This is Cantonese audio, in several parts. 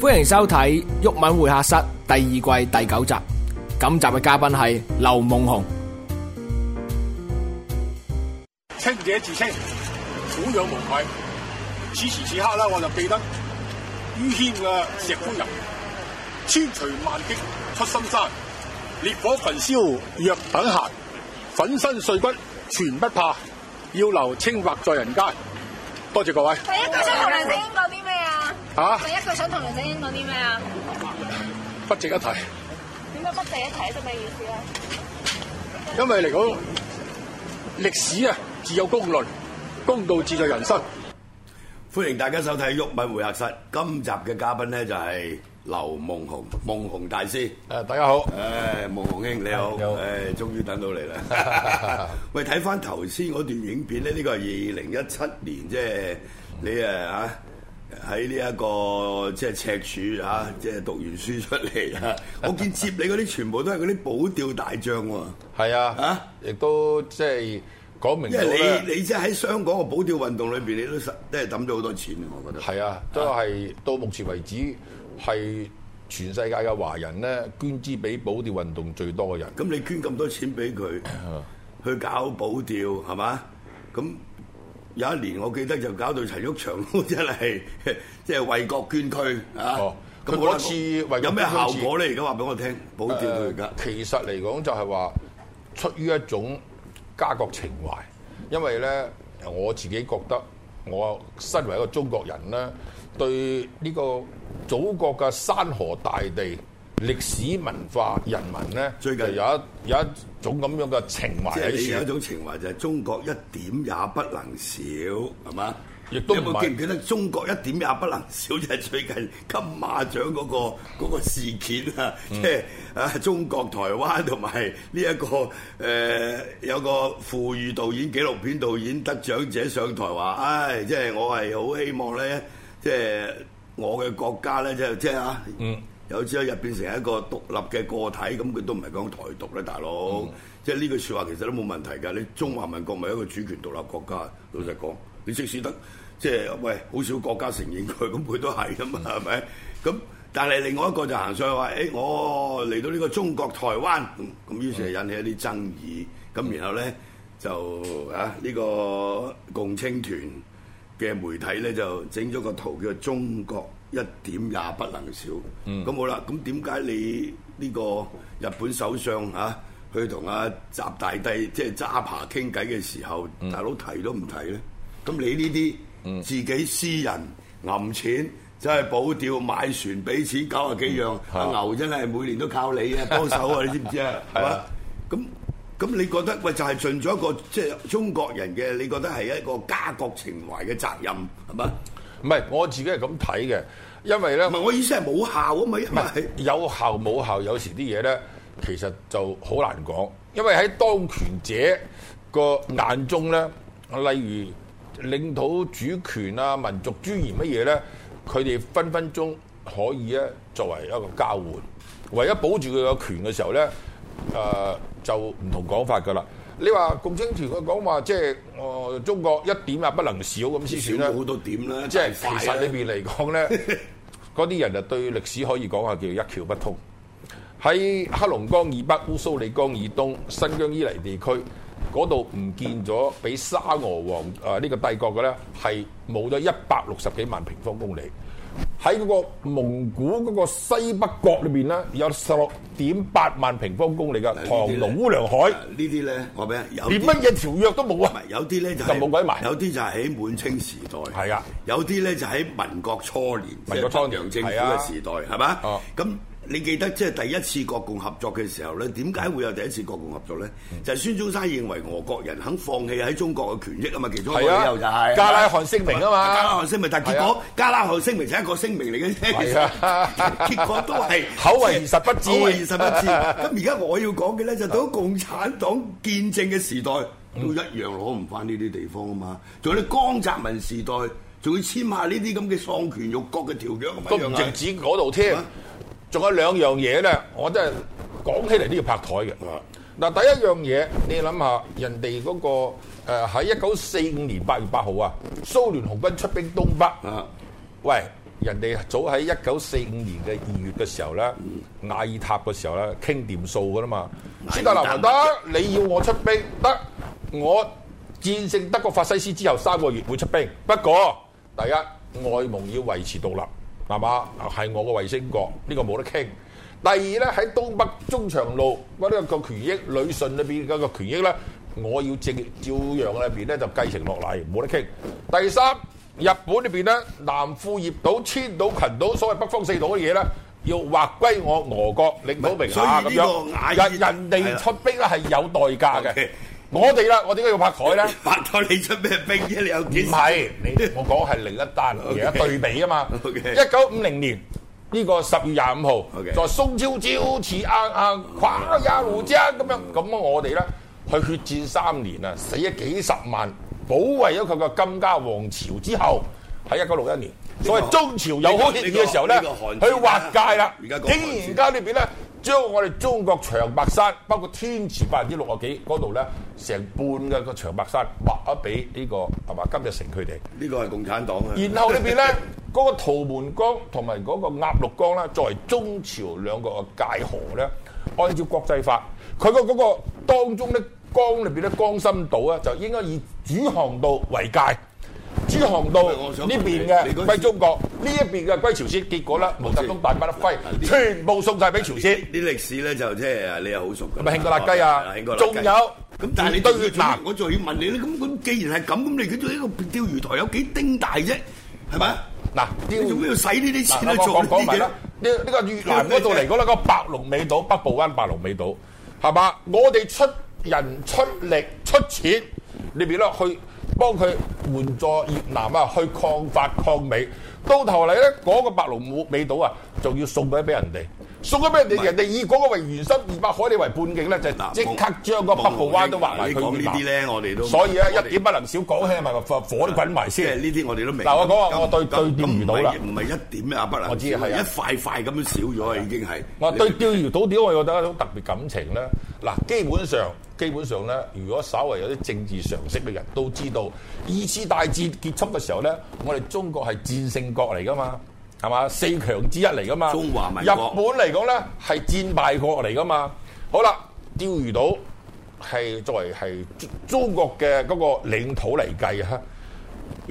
歡迎收睇《毓民會客室》第二季第九集。今集嘅嘉賓係劉夢熊。清者自清，俯仰無愧。此時此，此刻啦，我就記得于謙嘅《石灰吟》，千錘萬擊出深山，烈火焚燒若等閒。粉身碎骨全不怕，要留清白在人間。多謝各位。啊、第一個想同梁振英講啲咩啊？不值一提。點解不值一提都咩意思啊？因為嚟講歷史啊自有公論，公道自在人心。歡迎大家收睇《毓民會客室》。今集嘅嘉賓呢就係劉夢熊，夢熊大師。誒、呃，大家好。誒、呃，夢熊兄你好。有好。誒、呃，終於等到你啦！ 喂，睇翻頭先嗰段影片咧，呢、這個係二零一七年，即係你誒啊！呃喺呢一個即係赤柱嚇，即係讀完書出嚟啊！ 我見接你嗰啲全部都係嗰啲保釣大將喎。係啊，亦、啊、都即係、就是、講明咗，因為你你即係喺香港嘅保釣運動裏邊，你都都係抌咗好多錢，我覺得係啊，都、就、係、是、到目前為止係、啊、全世界嘅華人咧捐資俾保釣運動最多嘅人。咁你捐咁多錢俾佢 去搞保釣係嘛？咁。有一年我記得就搞到陳毓祥真係即係為國捐軀啊！咁多、哦、次為有咩效果咧？而家話俾我聽，保釣佢而家其實嚟講就係話出於一種家國情懷，因為咧我自己覺得我身為一個中國人咧，對呢個祖國嘅山河大地。歷史、文化、人民咧，最近有一有一種咁樣嘅情懷喺度。即係有一種情懷，就係中國一點也不能少，係嘛？有冇記唔記得中國一點也不能少？就係最近金馬獎嗰個嗰個事件啊，嗯、即係啊，中國台灣同埋呢一個誒有個富裕導演紀錄片導演得獎者上台話，唉、哎，即係我係好希望咧，即係我嘅國家咧，就即係啊。嗯。有朝一日變成一個獨立嘅個體，咁佢都唔係講台獨咧，大佬。嗯、即係呢句説話其實都冇問題㗎。你中華民國咪一個主權獨立國家？嗯、老實講，你即使得即係，喂，好少國家承認佢，咁佢都係㗎嘛，係咪、嗯？咁但係另外一個就行上去話，誒、欸，我嚟到呢個中國台灣，咁於是就引起一啲爭議。咁、嗯、然後咧就啊，呢、呢個共青團嘅媒體咧就整咗個圖叫做中國。一點也不能少。咁好啦，咁點解你呢個日本首相嚇去同阿習大帝即係揸扒傾偈嘅時候，嗯、大佬提都唔提咧？咁你呢啲自己私人揞、嗯、錢，即、就、係、是、保釣、買船、俾錢，九啊幾樣，阿牛真係每年都靠你嘅幫手啊！ 你知唔知啊？係嘛的？咁咁、就是，你覺得喂就係盡咗一個即係中國人嘅，你覺得係一個家國情懷嘅責任係嘛？是唔係，我自己係咁睇嘅，因為咧。唔係，我意思係冇效啊！咪唔係有效冇效、效，有時啲嘢咧，其實就好難講。因為喺當權者個眼中咧，例如領土主權啊、民族尊嚴乜嘢咧，佢哋分分鐘可以咧作為一個交換，唯一保住佢個權嘅時候咧。誒、呃、就唔同講法噶啦！你話共青團佢講話即係誒中國一點也不能少咁先説咧？少到點啦？即係是快、啊、其實裏邊嚟講咧，嗰啲 人就對歷史可以講話叫一竅不通。喺黑龍江以北、烏蘇里江以東、新疆伊犁地區嗰度唔見咗，俾沙俄王誒呢、呃呢個帝國嘅咧，係冇咗一百六十幾萬平方公里。喺嗰個蒙古嗰個西北角裏邊啦，有十六點八萬平方公里嘅唐努烏梁海這些呢啲咧，我俾有連乜嘢條約都冇啊，有啲咧就冇鬼埋，有啲就喺滿清時代，係啊的，有啲咧就喺民國初年，就是、民，民國初年政權嘅時代，係嘛，咁。你記得即係第一次國共合作嘅時候咧，點解會有第一次國共合作咧？就係孫中山認為俄國人肯放棄喺中國嘅權益啊嘛，其中一個理由就係《加拉罕聲明》啊嘛，《加拉罕聲明》，但結果《加拉罕聲明》就係一個聲明嚟嘅啫，其實結果都係口惠而實不至，而實不至。咁而家我要講嘅咧，就到共產黨建政嘅時代都一樣攞唔翻呢啲地方啊嘛，仲有啲江澤民時代仲要簽下呢啲咁嘅喪權辱國嘅條約咁樣啊？唔淨止嗰度添。仲有兩樣嘢咧，我真係講起嚟都要拍台嘅。嗱，第一樣嘢，你諗下，人哋、那、嗰個喺一九四五年八月八號啊，蘇聯紅軍出兵東北。啊、喂，人哋早喺一九四五年嘅二月嘅時候咧，雅爾塔嘅時候咧，傾掂數㗎啦嘛。丹斯大林唔得，以你要我出兵得，我戰勝德國法西斯之後三個月會出兵。不過第一，外蒙要維持獨立。係嘛？係我嘅衛星國，呢、這個冇得傾。第二咧，喺東北中長路嗰呢、這個權益，旅順裏邊嗰個權益咧，我要照照樣喺入邊咧就繼承落嚟，冇得傾。第三，日本裏邊咧，南庫頁島、千島群島，所謂北方四島嘅嘢咧，要劃歸我俄國領土名下，明啊咁樣。啊、人人哋出兵咧係有代價嘅。Okay. 我哋啦，我點解要拍海咧？拍海你出咩兵啫？你有幾？唔係，我講係另一單，而家 Okay. 對比啊嘛。一九五零年呢、這個十月廿五號，在松朝朝刺啱啱跨廿胡將咁樣，咁我哋咧去血戰三年啊，死咗幾十萬，保衞咗佢個金家王朝之後，喺一九六一年，所謂中朝友好嘅時候咧，去滑界啦。而家講漢字。將我哋中國長白山，包括天池百分之六十幾嗰度咧，成半嘅個長白山劃咗俾呢個係嘛金日成佢哋？呢個係共產黨嘅。然後裏邊咧，嗰 個圖門江同埋嗰個鴨綠江咧，作為中朝兩個嘅界河咧，按照國際法，佢個嗰個當中咧江裏面咧江心島咧，就應該以主航道為界。行道，呢邊嘅歸中國，呢一邊嘅歸朝鮮。結果咧，毛澤東大把一揮，這全部送晒俾朝鮮。啲歷史咧就即係啊，你又好熟。咪慶過辣雞啊！仲有咁，但係你這對越南，我就要問你咧。咁咁既然係咁，咁你佢做一個釣魚台有幾丁大啫？係咪？嗱會，越南嗰度嚟講咧，個白龍尾島、北部灣白龍尾島，係嘛？我哋出人出力出錢，你俾落去。幫佢援助越南啊，去抗法抗美，到頭嚟呢，嗰、那個白龍尾島啊，仲要送咗俾人哋。送咗畀人哋，人哋以嗰個為圓心，二百海里為半徑咧，就即刻將個北部灣都劃埋。佢講呢啲咧，我哋都所以咧一點不能少。講起咪火都滾埋先。呢啲我哋都明。嗱我講話我對對釣魚島啦，唔係一點也不能少，我知係一塊塊咁樣少咗已經係。我對釣魚島點？我覺得一種特別感情啦。嗱，基本上基本上咧，如果稍為有啲政治常識嘅人都知道，二次大戰結束嘅時候咧，我哋中國係戰勝國嚟㗎嘛。係嘛？四強之一嚟㗎嘛？日本嚟講呢係戰敗國嚟㗎嘛？好啦，釣魚島係作為係中國嘅嗰個領土嚟計啊！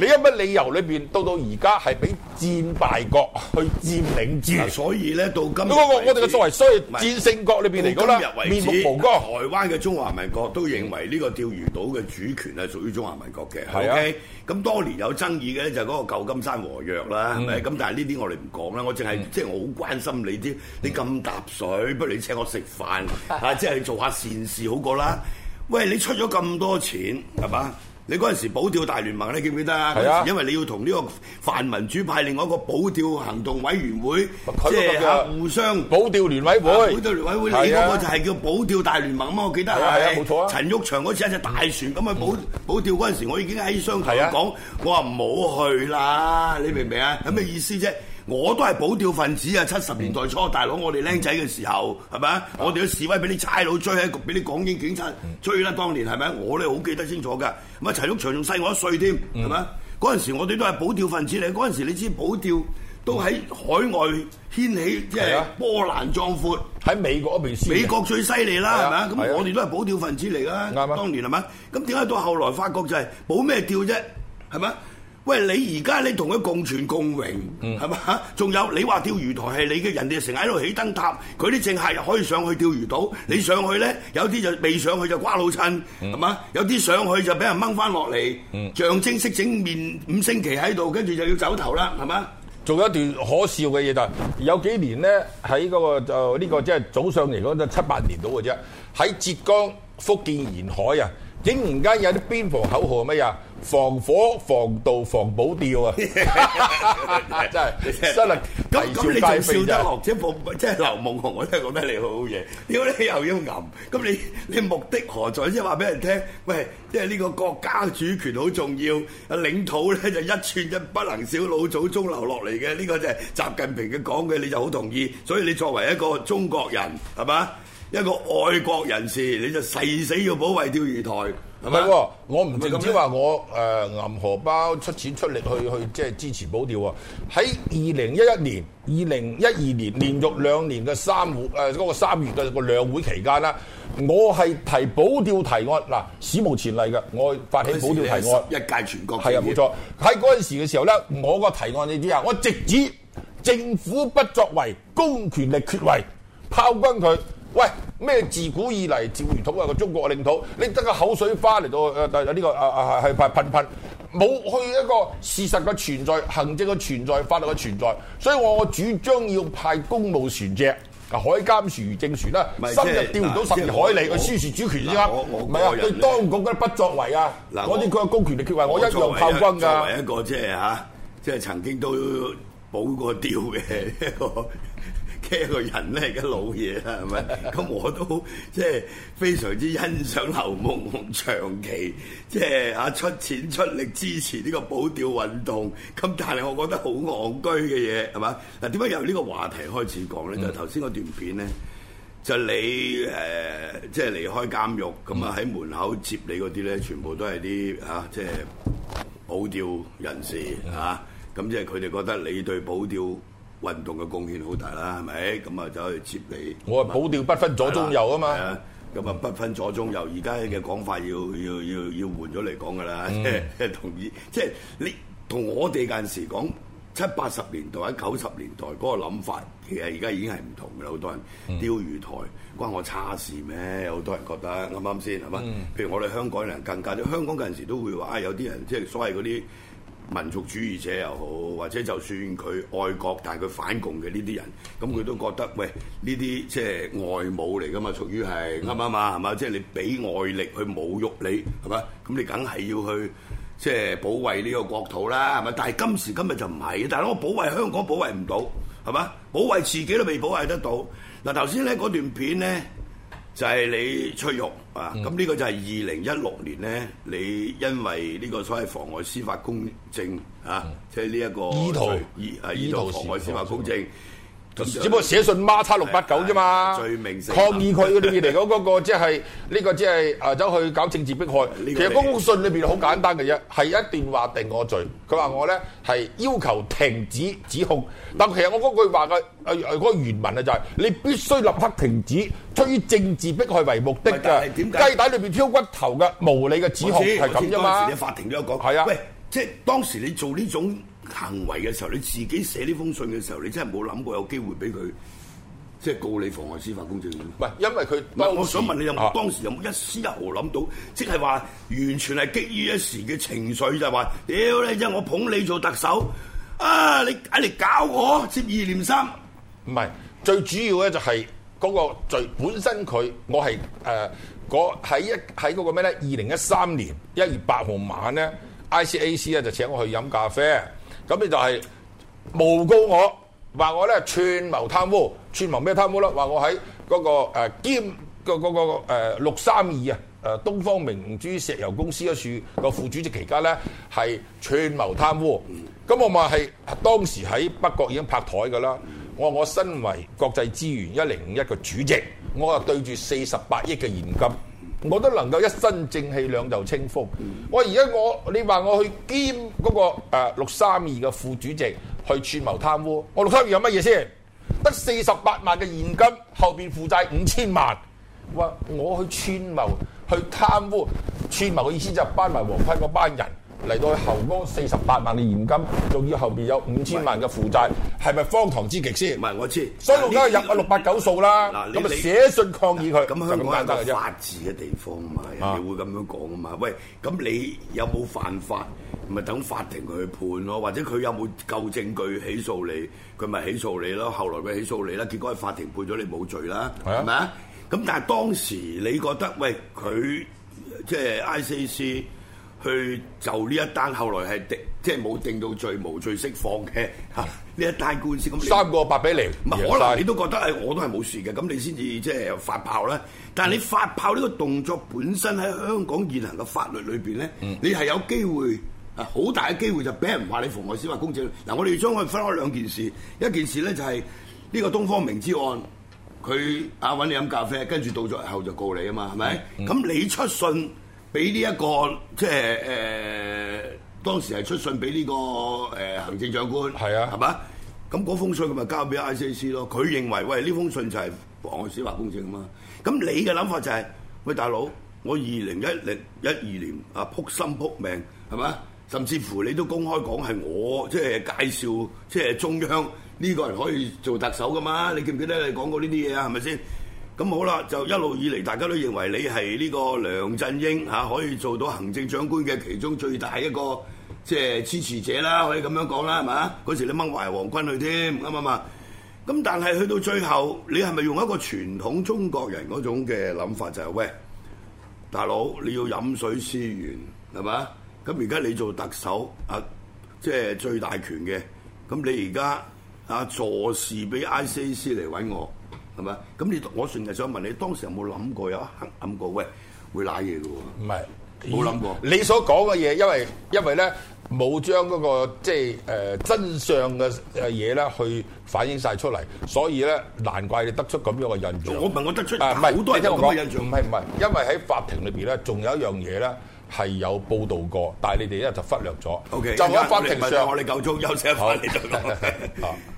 你有乜理由裡？裏面到到而家係俾戰敗國去佔領戰，啊？所以咧，到今嗰我哋嘅作為所以戰勝國裏面嚟今日為止，為止台灣嘅中華民國都認為呢個釣魚島嘅主權係屬於中華民國嘅。係咁，啊 okay? 多年有爭議嘅咧，就嗰個舊金山和約啦，咁、嗯、但係呢啲我哋唔講啦，我淨係即係我好關心你啲，你咁搭水，不如你請我食飯 啊！即、就、係、是、做下善事好過啦。喂，你出咗咁多錢係嘛？你嗰陣時保釣大聯盟你記唔記得啊？因為你要同呢個泛民主派另外一個保釣行動委員會，即係互相保釣聯委會,會。保釣聯委會，你嗰個就係叫保釣大聯盟啊！我記得啊，啊，冇錯啊陳玉祥嗰次一隻大船咁啊保保釣嗰陣時，我已經喺商台講、嗯，啊、我話唔好去啦，你明唔明啊？咁咩意思啫？我都係保釣分子啊！七十年代初，大佬我哋僆仔嘅時候，係咪啊？吧我哋都示威俾啲差佬追，俾啲港英警察追啦。嗯、當年係咪？我哋好記得清楚㗎。咁係陳毓祥仲細我一歲添，係咪？嗰陣時我哋都係保釣分子嚟。嗰陣時你知保釣都喺海外掀起即係、嗯、波瀾壯闊，喺、啊、美國嗰邊。美國最犀利啦，係咪啊？咁吧我哋都係保釣分子嚟㗎。啱、啊、當年係咪？咁點解到後來發覺就係保咩釣啫？係咪？喂，你而家你同佢共存共榮，係嘛、嗯？仲有你話釣魚台係你嘅，人哋成日喺度起燈塔，佢啲政客又可以上去釣魚島，你上去咧，有啲就未上去就瓜老襯，係嘛、嗯？有啲上去就俾人掹翻落嚟，嗯、象徵式整面五星旗喺度，跟住就要走頭啦，係嘛？仲有一段可笑嘅嘢就係，有幾年咧喺嗰個就呢、呃呢個即係早上嚟講就七八年到嘅啫，喺浙江福建沿海啊。竟然間有啲邊防口號乜嘢啊？防火、防盜、防保釣啊！ 真係真係，咁咁那你仲笑得落？即係即係劉夢熊，我真係覺得你好好嘢。屌 你又要揞，咁你你目的何在？即係話俾人聽，喂，即係呢個國家主權好重要，啊領土咧就一寸一不能少，老祖宗留落嚟嘅呢個就係習近平嘅講嘅，你就好同意。所以你作為一個中國人，係嘛？一個愛國人士，你就誓死，死要保衛釣魚台，係咪喎？我唔淨止話我誒、呃、銀荷包出錢出力去去即係支持保釣喎。喺二零一一年、二零一二年連續兩年嘅三月嗰、呃那個三月嘅個兩會期間啦，我係提保釣提案，嗱史無前例嘅，我發起保釣提案。一屆全國係啊，冇錯喺嗰陣時嘅時候咧，我個提案你知啊，我直指政府不作為、公權力缺位，炮轟佢。喂，咩自古以嚟趙元統係個中國嘅領土，你得個口水花嚟到，誒、這、呢個啊啊係係頻頻冇去一個事實嘅存在、行政嘅存在、法律嘅存在，所以我主張要派公務船隻、海監船、漁政船啦，深入釣唔到實海嚟嘅宣示主權先啦。唔係啊，對當局嘅不作為啊，嗰啲佢有公權力決議，我，我一樣炮轟㗎。作為，作為一個即係嚇，即、啊、係、就是、曾經都保過釣嘅一、這個。啊。呢個人咧係個老嘢啦，係咪？咁 我都即係非常之欣賞劉夢熊長期即係啊出錢出力支持呢個保釣運動。咁但係我覺得好戇居嘅嘢係嘛？嗱，點解由呢個話題開始講咧？就頭先嗰段片咧，就你誒即係離開監獄咁啊喺門口接你嗰啲咧，全部都係啲嚇即係保釣人士嚇，咁即係佢哋覺得你對保釣運動嘅貢獻好大啦，係咪？咁啊走去接你。我係、嗯嗯、保釣不分左中右啊了嘛。咁啊，不分左中右。而家嘅講法要、嗯、要要要換咗嚟講㗎啦。即同意。即係你同我哋嗰陣時講七八十年代喺九十年代嗰個諗法，其實而家已經係唔同嘅。好多人釣、嗯、魚台關我叉事咩？好多人覺得啱啱先係嘛？想想嗯、譬如我哋香港人更加，香港嗰時都會話啊，有啲人即係所謂嗰啲。民族主義者又好，或者就算佢愛國，但係佢反共嘅呢啲人，咁佢都覺得喂，呢啲即係外侮嚟㗎嘛，屬於係啱啱嘛，係嘛、嗯？即係、就是、你俾外力去侮辱你，係嘛？咁你梗係要去即係、就是、保衞呢個國土啦，係咪？但係今時今日就唔係，但係我保衞香港保衞唔到，係嘛？保衞自己都未保衞得到。嗱頭先咧嗰段片咧。就係你出獄啊。咁呢個就係二零一六年咧，你因為呢個所謂妨礙司法公正啊，即係呢一個，意圖，意啊意圖妨礙司法公正。只不過寫信孖叉六八九啫嘛，抗議佢嘅裏邊嚟講嗰個即係呢個即係啊，走去搞政治迫害。其實嗰封信裏邊好簡單嘅啫，係一段話定我罪。佢話我咧係要求停止指控，但其實我嗰句話嘅誒嗰個原文啊就係你必須立刻停止出於政治迫害為目的嘅，雞蛋裏邊挑骨頭嘅無理嘅指控係咁啫嘛。當時啲法庭都有講係啊，喂，即係當時你做呢種。行為嘅時候，你自己寫呢封信嘅時候，你真係冇諗過有機會俾佢即係告你妨礙司法公正。唔係，因為佢唔係。我想問你有冇、啊、當時有冇一絲一毫諗到，即係話完全係激於一時嘅情緒，就係話屌你，因為我捧你做特首啊，你嗌嚟搞我，接二連三。唔係最主要咧，就係嗰個罪本身佢。佢我係誒，喺一喺嗰個咩咧？二零一三年一月八號晚咧，I C A C 咧就請我去飲咖啡。咁你就係誣告我，話我咧串謀貪污，串謀咩貪污咧？話我喺嗰、那個、啊、兼嗰個六三二啊，東方明珠石油公司嗰處個副主席期間咧係串謀貪污。咁我咪係當時喺北角已經拍台噶啦。我話我身為國際資源一零五一嘅主席，我對住四十八億嘅現金，我都能夠一身正氣兩袖清風。我而家我你話我去兼嗰個六三二嘅副主席去串謀貪污，我六三二有乜嘢先？得四十八萬嘅現金，後面負債五千萬。話我，我去串謀去貪污，串謀嘅意思就係包埋黃坤嗰班人。嚟到後哥四十八萬嘅現金，仲要後邊有五千萬嘅負債，係咪荒唐之極先？唔係我知，所以大家入個六八九數啦。嗱、啊，你寫信抗議佢，咁、啊、香港係法治嘅地方嘛？你、啊、會咁樣講啊嘛。喂，咁你有冇犯法？咪等法庭去判咯、啊，或者佢有冇夠證據起訴你？佢咪起訴你咯？後來佢起訴你啦，結果喺法庭判咗你冇罪啦，係咪啊？咁但係當時你覺得喂佢即係 ICC？去就呢一單，後來係定即係冇定到罪，無罪釋放嘅嚇，呢一單官司咁，三個八比零，不可能你都覺得係 Yes. 我都係冇事嘅。咁你先至即係發炮啦。但係你發炮呢個動作本身喺香港現行嘅法律裏邊咧，mm. 你係有機會啊，好大嘅機會就俾人唔話你妨礙司法公正。嗱、啊，我哋將佢分開兩件事，一件事咧就係、是、呢個東方明知案，佢阿揾你飲咖啡，跟住到咗後就告你啊嘛，係咪？咁、mm. 你出信。俾呢一個即係誒、呃，當時係出信俾呢、這個誒、呃、行政長官，係是啊是吧，係嘛？咁嗰封信咁咪交俾 ICAC 咯？佢認為喂呢封信就係妨礙司法公正啊嘛？咁你嘅諗法就係、是、喂大佬，我二零一零一二年啊仆心仆命係嘛？甚至乎你都公開講係我即係、就是、介紹即係、就是、中央呢個人可以做特首㗎嘛？你記唔記得你講過呢啲嘢啊？係咪先？咁好啦，就一路以嚟大家都認為你係呢個梁振英吓、啊、可以做到行政長官嘅其中最大一個即係、呃、支持者啦，可以咁樣講啦，係嘛？嗰時你掹懷黃軍去添，唔啱啊咁，但係去到最後你係咪用一個傳統中國人嗰種嘅諗法就係、是、喂，大佬你要飲水思源係嘛？咁而家你做特首啊，即、就、係、是、最大權嘅，咁你而家啊助事俾 ICAC 嚟揾我？係咁你我算係想問你，你當時有冇諗過有一刻諗過？喂，會賴嘢㗎喎。唔係是，冇諗過。你所講嘅嘢，因為因為咧冇將嗰、那個即係、呃、真相嘅嘢咧，去反映晒出嚟，所以咧難怪你得出咁樣嘅印象。我問我得出，好、啊、多人講嘅印象。唔係唔係，因為喺法庭裏邊咧，仲有一樣嘢咧係有報導過，但係你哋咧就忽略咗。O Okay , K，就喺法庭上，我哋夠鍾休息翻好